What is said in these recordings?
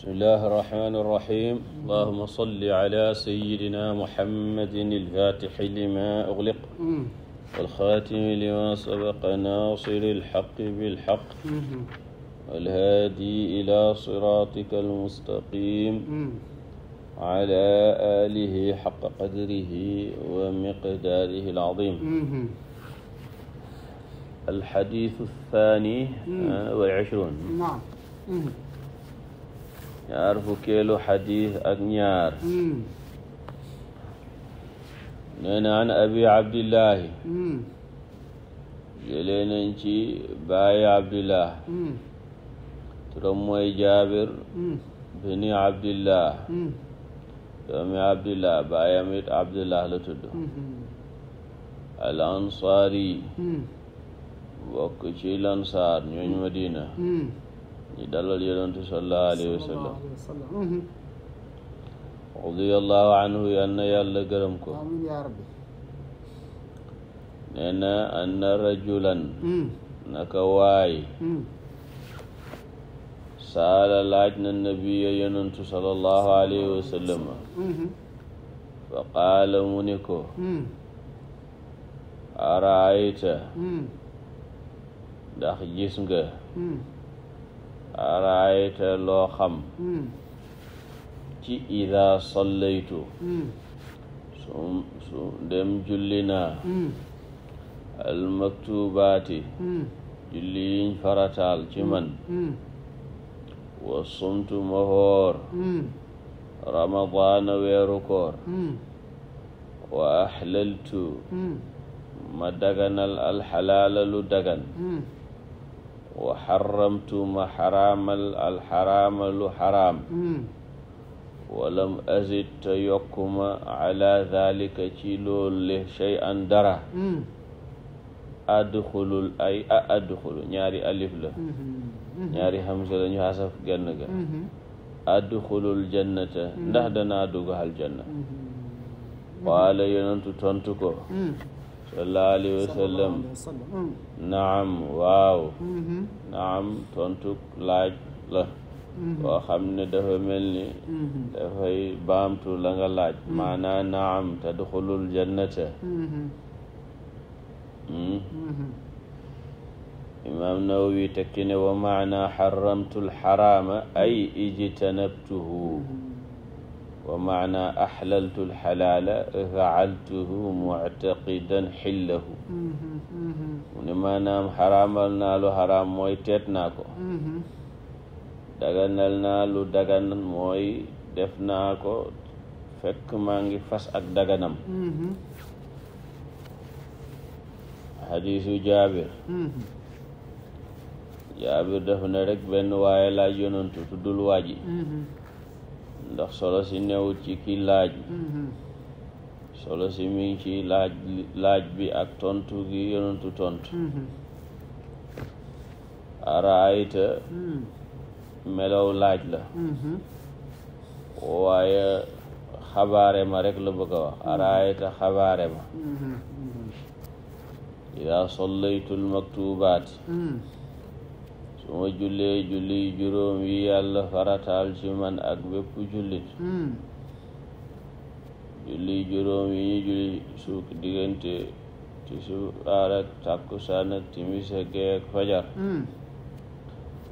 bismillahi irrahmani irrahim allahuma salli ala sayidina muhammadin alfatixi lima ugliq walxaatimi lima sabaqa naasiri alxaqi bilxaq walhaadi ila siratika almustaqim ala alihi xaqa qadrihi wa miqdaarihi alazim alxadiisu althani hmm. ah, wal ishruun ñaar fukkeelu xadiis ak ñaar hmm. nee abi abdillahi hmm. jëlee nañ ci baayi abdillah hmm. turam mooy jaabir bini abdillah doomi la tudd al ansaari bokk ci lansaar ñooñ madina ñi dalal yonentu sallallahu alayhi wa sallam mm-hmm. radiyallahu anhu yal na yàlla gërëm ko nee na anna rajulan mm. naka waay mm. saala laaj na nabiya yonentu sallallahu alayhi wa sallam mm-hmm. fa qaala mu ni ko mm. araayta ndax gis nga waaye te loo xam hmm. ci idaa sallaytu hmm. su su dem julli naa hmm. almaktubaati julli yiñ farataal ci man wa sumtu ma hoor ramadaana weeru koor wa ahlaltu ma daganal alxalaala lu dagan wa xaramtu ma xaraamal alxaraama lu xaraam hmm. walam azid te yokkuma ala dalika ci loolu shay an dara hmm. adxulul ay a adxulu ñaari alif la hmm, ñaari hamza la ñu xasaf genn ga adxulul jannata ndax danaa dugg aljanna qaala yonentu tontu ko sallallahu alayhi wa sallam hmm. naam waaw mm-hmm. naam tontuk laaj la mm-hmm. boo xam ne dafa mel ni mm-hmm. dafay baamtu la nga laaj maanaa naam tadxulul jannata hmm? imaam nawawi tekki ne wa maanaa xaramtul xaraama ay ijtanabtuhu wa maana axlaltu alxalaala faaltuhu muctaqidan xillahu mm-hmm, mu ne maanaam xaraamal naa lu mooy teet ko mm-hmm. daganal naa dagan mooy def naa ko fekk maa ngi fas ak daganam xadiisu mm-hmm. jaabir jaabir def na rek benn waaye laaj yonantu tuddul ndax solo si newut ci ki laaj mm-hmm. solo si mi ngi ci laaj laaj bi ak tontu gi yonentu tontu mm-hmm. araayta melow mm-hmm. laaj la waaye xabaare ma rek la bëgg a wax araayta xabaare ma ida sollaytul maktubaat su ma jullee julli juróom yi yàlla farataal ci man ak bépp jullit hmm. julli juróom yi julli suuk diggante ci subaar ak takkusaan ak timis fajar hmm.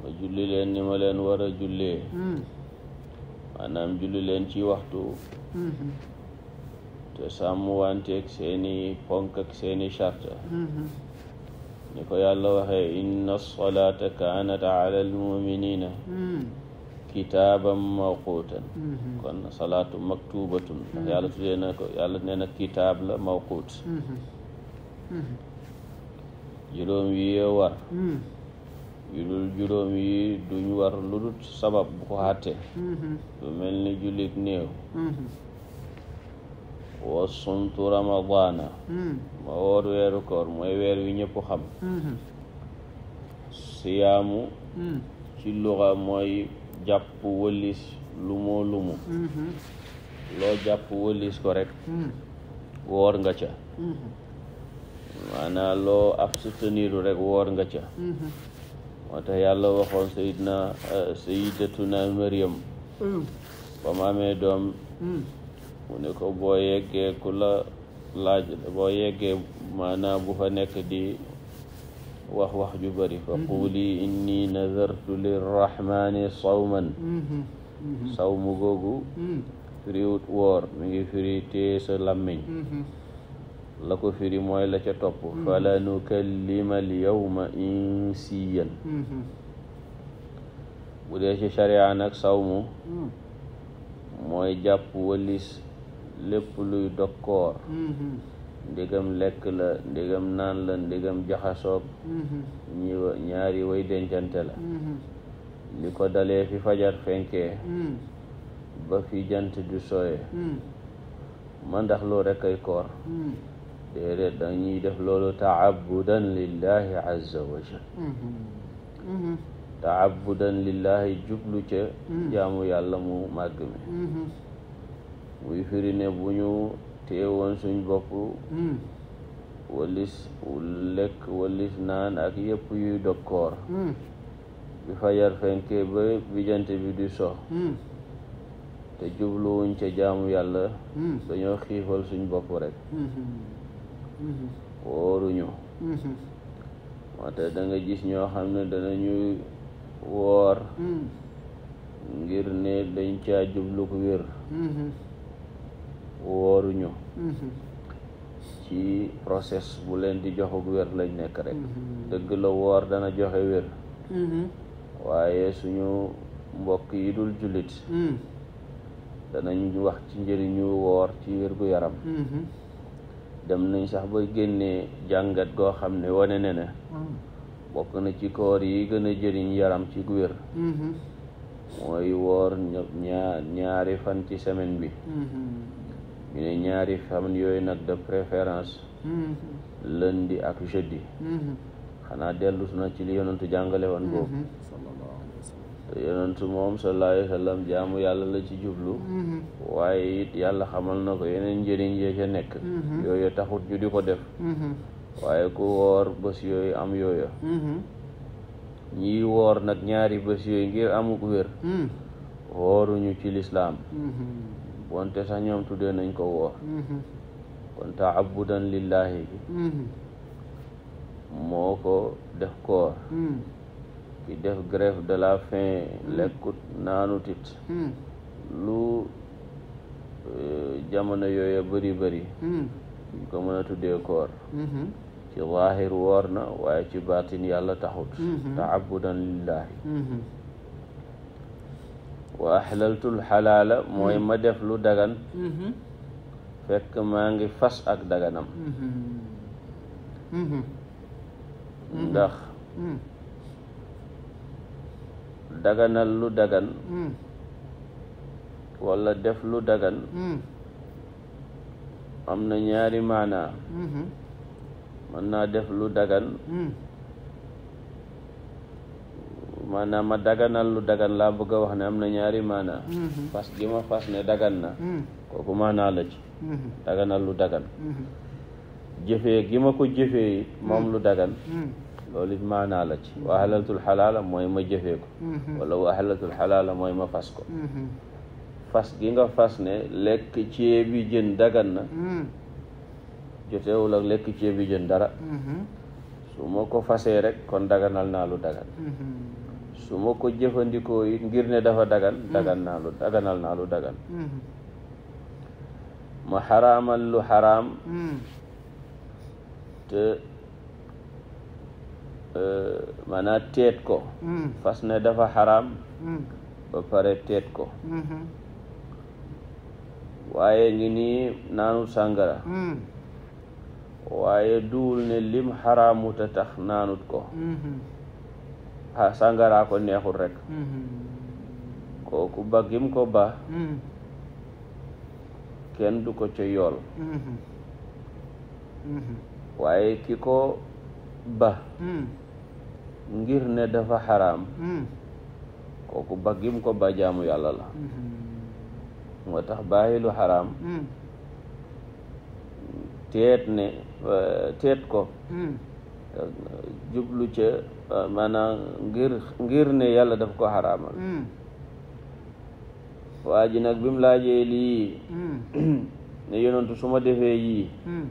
ma julli leen ni ma leen war a jullee hmm. maanaam julli leen ci waxtu te sàmm wanteeg seeni ponk seeni charte ni ko yàlla waxee inna salaata kaanat ala almuminina hmm. kitaaban mawquutan hmm. kon salaatu maktubatun ndax hmm. yàlla tuddee na ko yàlla nee na mawquut juróom yi yo war juróom yi duñ war lu sabab bu ko xàttee mel ni jullit néew wa sumtu ramadaana hmm. ma woor weeru koor mooy weer wi ñëpp xam hmm. siyaamu hmm. ci luxa mooy jàpp wëllis lumoo lumu loo jàpp wëllis ko rek woor nga ca maanaam loo absteniru rek woor nga ca moo tax yàlla waxoon sayidna eh, sayidatuna Maryam ba mu amee doom mu ne ko boo yeggee ku la laaj boo yeggee maanaam bu fa nekk di wax wax ju bari fa mm-hmm. quuli inni nazartu lirrahmani sawman mm-hmm. Mm-hmm. sawmu googu mm. firiwut woor mi ngi firi téye sa làmmiñ la ko firi mooy la ca topp fala nukallima al yawma insiyan bu dee ci sharia nag sawmu mm. mooy jàpp walis lépp luy dog koor mm-hmm. ndegam lekk la ndegam naan la ndegam jaxasoog mm-hmm. ñi ñaari way dencante la mm-hmm. li ko dalee fi fajar fenkee mm. ba fi jant di sooye mm. ma ndax loo rekk ay koor mm. déedéet dañuy def loolu taabudan lillahi azza wa jal taabudan lillahi jublu ca jaamu yàlla mu màgg mi muy firi bu ñu teewoon suñ bopp hmm. walis lekk walis naan ak yëpp yuy dog koor hmm. bi fajar fenkee ba bi bi di sox hmm. te jubluwuñ ca jaamu yàlla dañoo xiifal suñ bopp rekk wóoruñu moo danga gis ñoo xam ne danañuy woor ngir ne dañ ca jublu ko wér wooruñu mhm. ci process bu leen di joxug wér lañ nekk rek mhm. dëgg la woor dana joxe wér mhm. waaye suñu mbokk yi dul jullit danañ wax ci njëriñu woor ci wér gu yaram dem nañ sax ba génnee jàngat goo xam ne wane ne ne bokk na ci koor yi gën a jëriñ yaram ci wér mooy woor ñaari fan ci semaine bi ñu ne ñaari fan yooyu nag de préférence mm-hmm. lundi ak jeudi mm-hmm. xanaa dellus na ci li yonentu jàngale woon boobu mm-hmm. te yonentu moom sallallahu alayhi jaamu yàlla la ci jublu waaye it yàlla xamal na ko yeneen njëriñ yee ca nekk yooyu taxut ñu di ko def waaye ku woor bés yooyu am yooyu ñiy woor nag ñaari bés yooyu ngir amuk wér mm. wooruñu ci lislaam wonte sax ñoom tuddee nañ ko woor mm-hmm. kon taabudan lillahi mm-hmm. moo ko def koor mm. ki def grève de la faim mm. lekkut naanut it mm. lu eh, jamono yooya bëri bëri ñu ko mën a tuddee koor mm-hmm. ci zaahir woor waaye ci baatin yàlla taxut taabudan lillahi wa ahlaltul xalaala mooy ma def lu dagan mm-hmm. fekk maa ngi fas ak daganam mm-hmm. Mm-hmm. ndax daganal lu dagan walla def lu dagan am na ñaari maanaa mën naa def lu dagan maanaam ma daganal lu dagan laa bëgg a wax ne am na ñaari maanaa mhm. fas gi ma fas ne dagan na mhm. kooku maanaa la ci mhm. daganal lu dagan jëfe gi ma ko jëfee moom lu dagan loolu it maanaa la ci wa xalaala mooy ma jëfee ko wala wa xalaala mooy ma fas ko fas gi nga fas ne lekk ceebi jën dagan na jotewul ak lekk ceebi jën dara su ma ko fasee rek kon daganal naa lu dagan su ma ko jëfandikoo ngir ne dafa dagan mm. dagan daganal naa lu dagan mm-hmm. ma xaraamal lu mm. te e, maanaa teet ko mm. fas ne dafa xaraam ba pare teet ko mm-hmm. waye ngi nii naanul sàngara waaye duwul ne lim xaraamuta tax naanut ko mm-hmm. ah sàngara ko neexul rek mm-hmm. kooku ba gim ko ba mm-hmm. kenn du ko ca yool mm-hmm. waaye ki ko ba ngir ne dafa xaraam kooku ba gim ko ba jaamu yàlla la moo tax bàyyi lu xaraam teet ne eh, teet ko jublu ca euh, mana ngir ngir ne yàlla daf ko xaraamal hmm. waa nag bi mu laajee lii hmm. ne yonantu su ma defee yii hmm.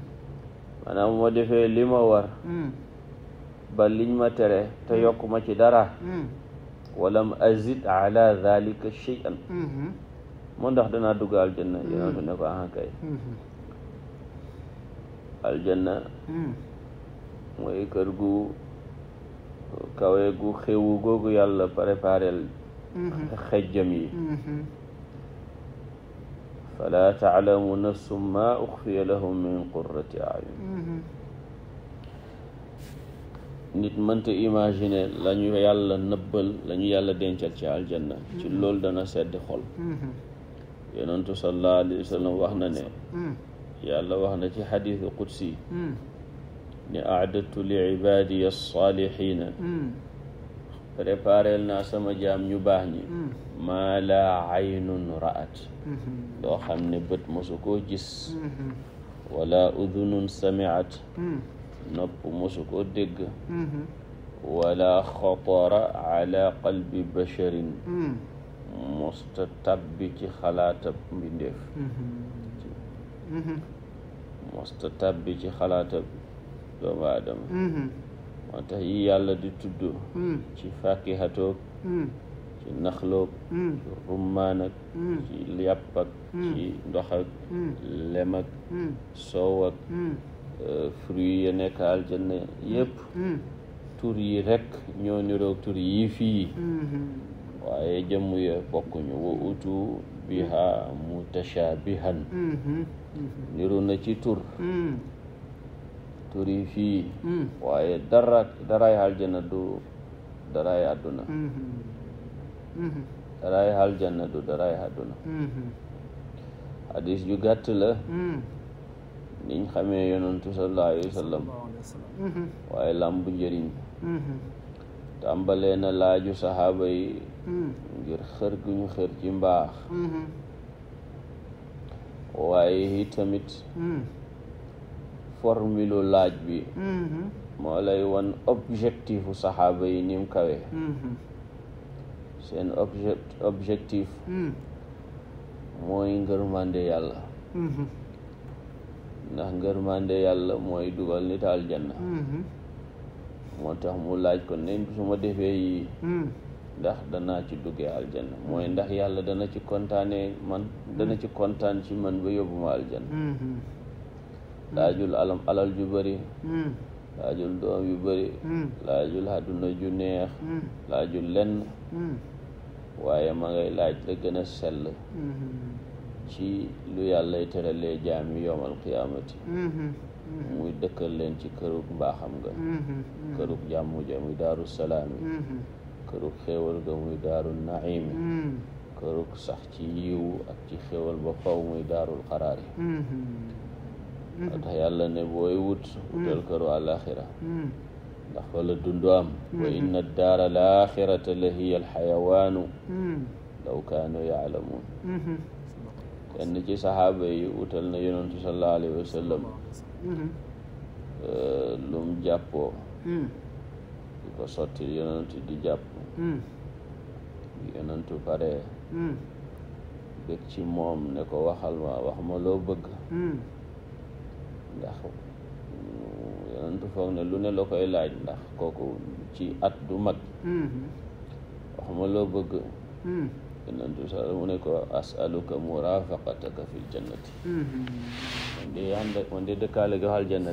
maanaam bu defee li ma war ba liñ ma tere te yokk ma ci dara walam azid ala dhalika shay'an moo ndax danaa dugg aljanna yonantu ne ko ahan aljanna mooy kër gu kawe gu xewu googu yàlla préparel mm-hmm. xejjam yi mm-hmm. fala taalamu nafsum ma uxfiya lahum min qurrati ayun mm-hmm. nit mënta imaginer la ñu yàlla nëbbal la ñu yàlla dencal ci aljanna ci loolu dana sedd xol yonentu sallallahu alayhi wa sallam wax na ne wax na ci qudsi ni aadatu li ibaadiya saalixiina hmm. préparel naa sama jaam ñu baax ñi hmm. maa laa aynun ra'at hmm. loo xam ne bët mosu koo gis wala udunun samiat nopp mosu koo dégg wala xatara ala qalbi basharin mosta tabbi ci xalaatab mbindeef mosta doomu aadama mm-hmm. moo yi yàlla di tudd mm. ci fakihatoog mm. ci naxloog mm. ci rummaan ak ci yàpp ci ndox ak lem euh, fruit ya nekk aljanna yëpp tur yi rekk ñoo niroog tur yii fii mm-hmm. waaye jëmm ya bokkuñu wa utu biha mutashabihan mm-hmm. niru na ci tur turi fii hmm. waaye dara daraay aljanna du àdduna hmm, hmm. daraay aljanna du daraay àdduna hadis ju gàtt la niñ xamee yonantu waaye làmbu njëriñ tàmbalee na laaju saxaaba yi ngir xër gu ñu xër ci mbaax waaye itamit formule laaj bi mm-hmm. moo lay wan objectifu saxaaba yi nim kawe mm-hmm. seen objectif mm. mooy ngërmande yàlla mm-hmm. ndax ngërmande yàlla mooy dugal nit aljanna moo tax mu laaj ko ne su ma defee yii mm. ndax danaa ci duggee aljanna mooy ndax yàlla dana ci kontaanee man dana ci kontaan ci man ba yóbbu ma Hmm. laajul alam alal ju bëri hmm. laajul doom yu bëri hmm. laajul àdduna ju neex laajul lenn waaye ma ngay laaj la gën a sell ci lu yàllay teralee jaam yi yowmal qiyaamati muy dëkkal leen ci kërug baaxam ga kërug jàmm ja muy daaru salaam yi kërug xéewal ga muy daaru naim yi sax ci yiwu ak ci xéewal ba muy daarul xaraar moo mhm. tax yàlla ne booy wut wutal mhm. këru àlaxira mhm. ndax fa la am wa inna daara al axirata la hiya al xayawaanu law kaanu yaalamuun kenn ci saxaaba wutal na yonentu sallallahu alayhi euh, lum jàppoo ko sotti yonentu di jàpp yonentu pare bëgg moom ne ko waxal ma wax ma loo bëgg ndax yonentu foog lu ne la koy laaj ndax kooku ci at du mag mm-hmm. wax ma loo bëgg mm-hmm. yonentu sa mu ne ko asaluka murafaqataka fil jannati mm-hmm. man de ànd man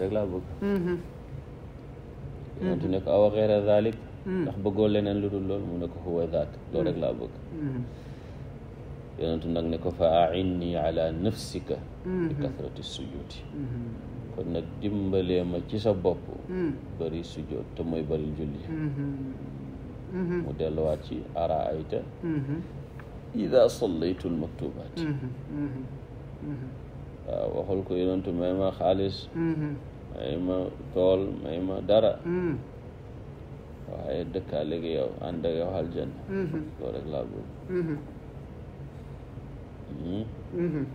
rek laa bëgg yonentu ne ko awa xeera zalik ndax bëgg leneen lu dul lool mu ne ko huwa zaat loolu rek laa bëgg yonentu nag ne ko fa ainni ala nafsika bi mm-hmm. kasrati sujuuti mm-hmm. kon nag dimbalee ma ci sa bopp mm. bëri sujoot te julli mm-hmm. mu delluwaat ara ayta ida sallaytu almaktubaat waaw waxul ko yonentu may ma xaalis may ma tool dara mm. waaye dëkkaa léegi yow ànd ak yow aljanna loolu rek laa bëgg hmm?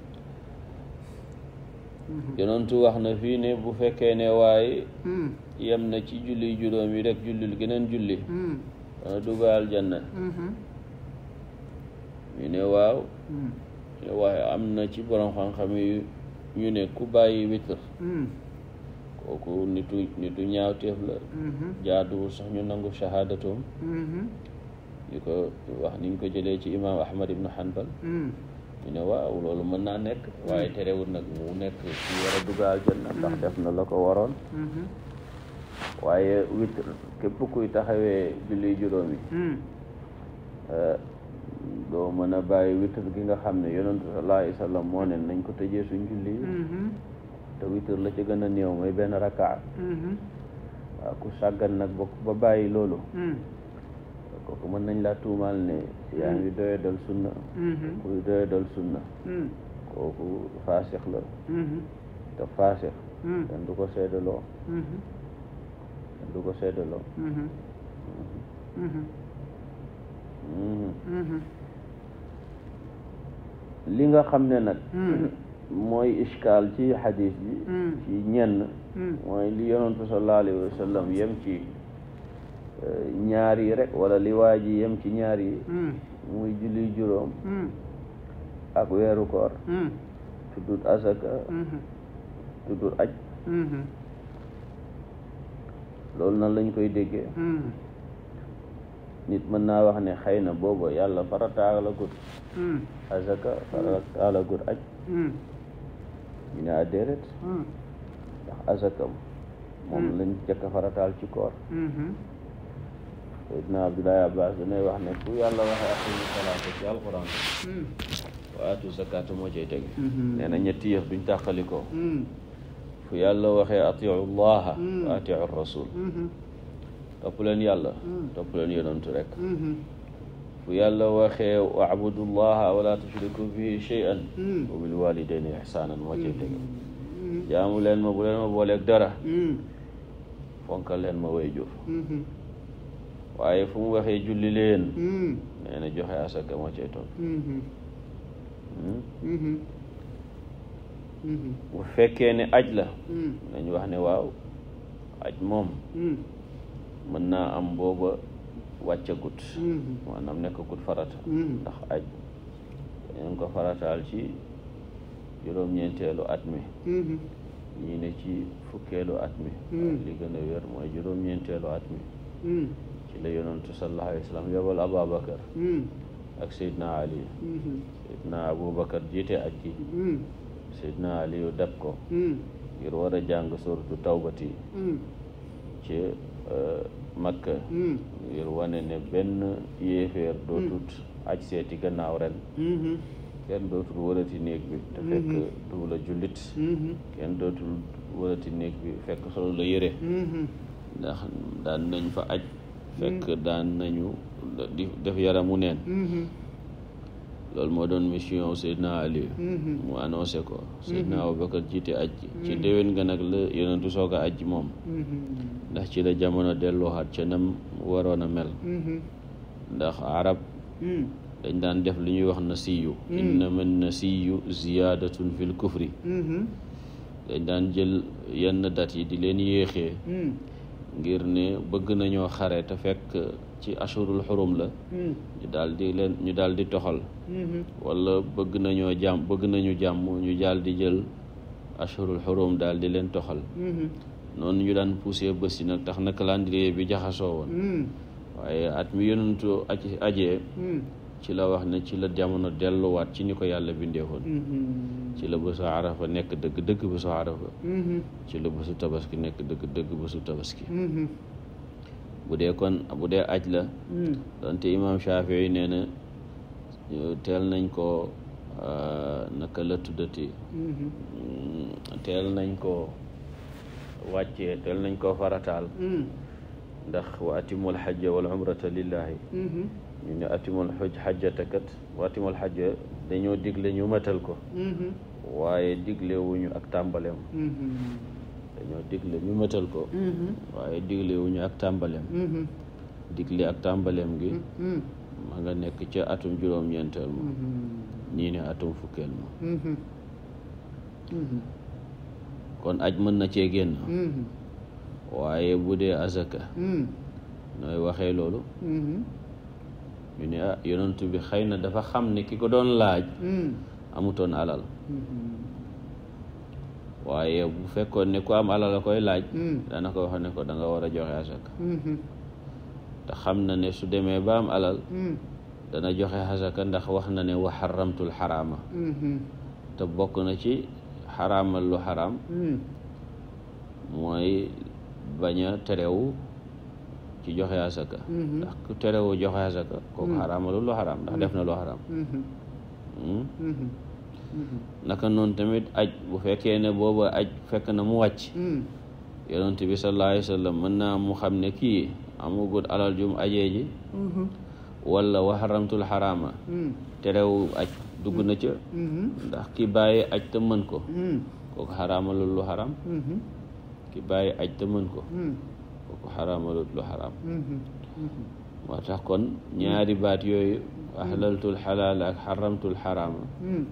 Mm-hmm. yonentu wax na fii ne bu fekkee ne waaye mm. yem na ci julli juróom yi rek jullil geneen julli mm. dana dugg aljanna mm-hmm. ñu ne waaw mm. waaye am na ci borom xam-xam yu ñu ne ku bàyyi witr kooku nitu nitu ñaawteef la mm-hmm. jaaduwul sax ñu nangu shahaadatum ñu ko wax niñ ko jëlee ci imam ahmad ibnu hanbal ñu ne waaw loolu mën naa nekk hmm. waaye terewul nag mu nekk ci war a dugg aljanna ndax hmm. def na la ko waroon hmm. waaye witr képp kuy taxawee julli juróomi euh, doo mën a bàyyi witr gi nga xam ne yonentu sa alayhi wa sallam moo ne nañ ko tëjee suñ julli te witr la ci gën a néew mooy benn rakaat waaw ku sàggan nag ba bàyyi loolu kooku mën nañ laa tuumaal ne yaa ngi doye sunna mm-hmm. kuy doye sunna mm. kooku faasix la mm-hmm. te faasix mm. kenn du ko seedaloo mm-hmm. kenn du ko seedaloo li nga xam ne nag mm. mooy iskaal ci xadis ci ñenn mooy li yonent bi sallallahu alayhi yem ci ñaar yi rek wala li waa yem ci ñaar yi hmm. muy julli juróom hmm. ak weeru koor hmm. tuddut asaka tuddut aj loolu nan lañ koy déggee nit mën naa wax ne xëy na booba yàlla farataalagut asaka farataalagut aj ñu ne ah, ndax asakam moom lañ jëkk farataal ci koor Seydina Abdoulaye Abbas danay wax ne ku yàlla waxee aqimu salaata ci alquran hmm. wa atu zakaata moo cay teg hmm. Hmm. nee na ñetti yëf duñ tàqalikoo fu yàlla waxee atiu llaha wa atiu rasul topp leen yàlla topp leen yonantu rek fu yàlla waxee wa'budu llaha wala tushriku bihi shay'an wa bil walidayni ihsanan moo cay teg jaamu leen ma bu leen ma booleeg dara fonkal leen ma way jur waaye fu mu waxee julli leen hmm. nee joxe asaka moo cay hmm. Hmm? bu fekkee ne aj la nañu wax ne waaw aj moom mën naa am booba wàccagut maanaam nekkagut farata ndax aj dañu ko farataal ci juróom-ñeenteelu at mi ñii ne ci fukkeelu at mi li a wér mooy juróom-ñeenteelu at mi ci la yonantu sallallahu alayhi wa yobal Ababakar hmm. ak Seydina Ali hmm. Seydina Abubakar jiite aj ji hmm. Seydina Ali yu dab ko ngir war a jàng suratu tawbati ci euh, Makka ngir wane ne benn yéeféer dootut aj seeti gannaaw ren kenn dootul wërati néeg bi te fekk du jullit kenn dootul wërati néeg bi fekk solo la yëre ndax daan nañ fa aj fekk mm-hmm. daan nañu di def yaramu neen mm-hmm. loolu moo doon mission Seydina Ali mm-hmm. mu annoncé ko Seydina Abubakar jiite aj ci déwén nga nag la yonentu soog a aj moom ndax ci la jamono delluwaat ca nam waroon a mel ndax arab mm. dañ daan def lu ñuy wax na siiyu innama nasiyu mm. ziyaadatun fil kufri dañ daan jël yenn dat yi di leen yéexee mm. ngir ne bëgg nañoo xare te fekk ci ashurul xurum la hmm. ñu daal di leen ñu daal di toxal wala bëgg nañoo jàmm bëgg nañu jàmm ñu daal di jël ashurul xurum daal di leen toxal noonu ñu daan poussé bësina tax na calendrier bi jaxasoo woon hmm. waaye at mi yonentu aj ajee hmm. ci la wax ne ci la jamono delluwaat ci ni ko yàlla bindeewoon mm-hmm. ci la bésu arafa nekk dëgg dëgg bésu arafa mm-hmm. ci la bésu tabaski nekk dëgg dëgg bésu tabaski mm-hmm. bu dee kon bu dee aj la mm. donte imaam Shafii nee na euh, teel nañ ko euh, naka la tuddati mm, teel nañ ko wàccee teel nañ ko farataal mm. ndax waati atimul xajja wal umrata lillahi ñu ne atimul xuj xajjata kat wa atimul dañoo digle ñu matal ko mm-hmm. waaye digle wuñu ak tàmbaleem mm-hmm. dañoo ñu matal ko mm-hmm. waaye digle wuñu ak tàmbaleem digle ak tàmbaleem gi ma nga nekk ca atum juróom-ñeenteel ma ñii ne atum fukkeel ma kon aj mën na cee génn waaye bu dee azaka mm. nooy waxee loolu ñu ne ah bi xëy na dafa xam ne ki ko doon laaj hmm. amutoon alal hmm. waaye bu fekkoon ne ku am alala koy laaj hmm. dana ko wax ne ko danga nga war a joxe asaka te xam na ne su demee ba am alal dana joxe asaka ndax wax na ne wa xaramtul xaraama te bokk na ci xaraamal lu xaraam mooy bañ a ci joxe asaka mm-hmm. ndax ku terewoo joxe asaka kooku mm-hmm. xaraamalu lu xaraam ndax def na lu xaraam mm-hmm. Hmm? naka noonu tamit aj bu fekkee ne booba aj fekk na mu wàcc mm. yonent bi sallallahu alayhi naa mu xam ne kii amugut alal jum ajee ji wala waxaramtul xaraama mm. terewu aj dugg na ca ndax ki bàyyi aj te mën ko mm. kooku xaraamalu lu xaraam ki bàyyi aj te mën ko kooku xaraamalut mm-hmm. kon ñaari baat yooyu ahlaltul xalaal ak xaramtul xaraama mm-hmm.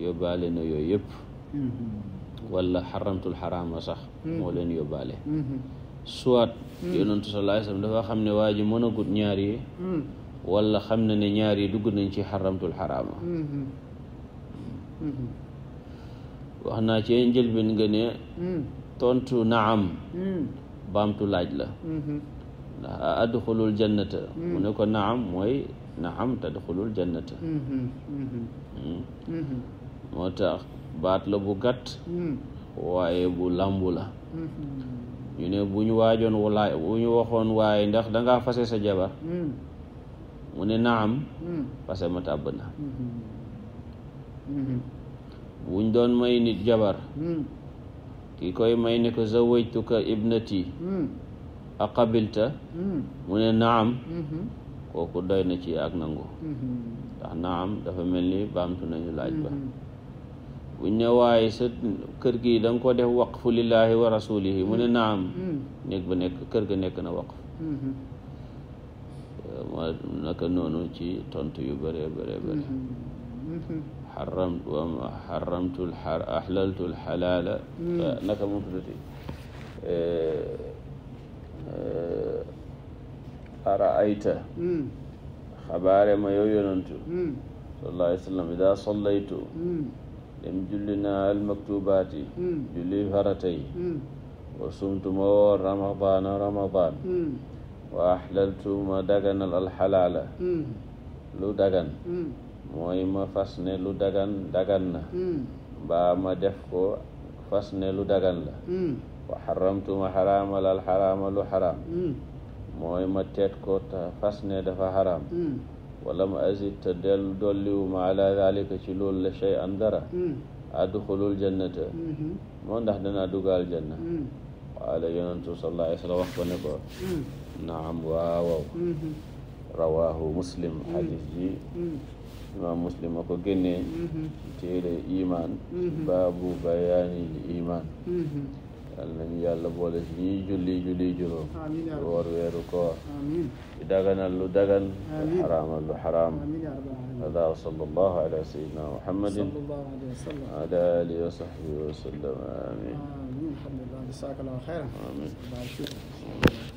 yóbbaale na yooyu yëpp mm-hmm. wala xaramtul xaraama sax moo leen yóbbaale soit yonentu sallallahu alayhi wasallam xam ne waa ji mën a gut ñaar xam na ne ñaar yi dugg ci xaramtul xaraama wax ci njëlbeen nga ne mm. tontu naam mm. baamtu laaj la mm-hmm. ndax a adxulul jannata mm. mu ne ko naam mooy naam tadxulul jannata mm-hmm. Mm-hmm. Mm. moo tax baat la bu gàtt mm. waaye bu làmbu la ñu ne bu waajoon walaay bu waxoon waaye ndax danga fase sa jabar mu ne naam fase ma tàbb na buñ doon may nit jabar ki koy may ne ko zawajtuka ibnati hmm. a qabilta hmm. mu ne naam hmm. kooku doy na ci ak nangu ndax naam dafa mel ni baamtu nañu laaj ba buñ ne sa kër gi da ko def waqfu lillahi wa rasulihi mu ne naam néeg ba nekk kër ga nekk na waqf ma naka noonu ci tontu yu bëree bëree bëri xaram wa xaramtu axlaltu alxalaala naka mu tuddati araayta xabaare ma yow yonantu sallallahu alayhi wa sallam ida sallaytu dem julli naa almaktubaati julli faratay wa sumtu ma woor ramadaana ramadan wa axlaltu ma daganal alxalaala lu dagan mooy ma fas ne lu dagan dagan na hmm. mbaa ma def ko fas ne lu dagan la hmm. wa xaramtu ma xaraamalal xaraama lu xaraam hmm. mooy ma teet ko ta fas ne dafa xaraam wala ma azid te del dolliwuma ala dalika ci loolu la shay an dara adxulul jannata moo ndax danaa dugaal janna qaala yonentu sallallahu alayhi wa sallam wax ko ne ko naam waawaw rawaahu muslim xadis ji imam muslim a ko génnee mm-hmm. téere iman mm-hmm. baabu bayaanil iman mm-hmm. yàlla nañu yàlla boole si ñuy julli julli juróom woor weeru koor di daganal lu dagan te xaraamal lu xaraam hada wa sallallahu ala sayyidina muhammadin wa ala alihi wa sahbihi wa sallam amin amin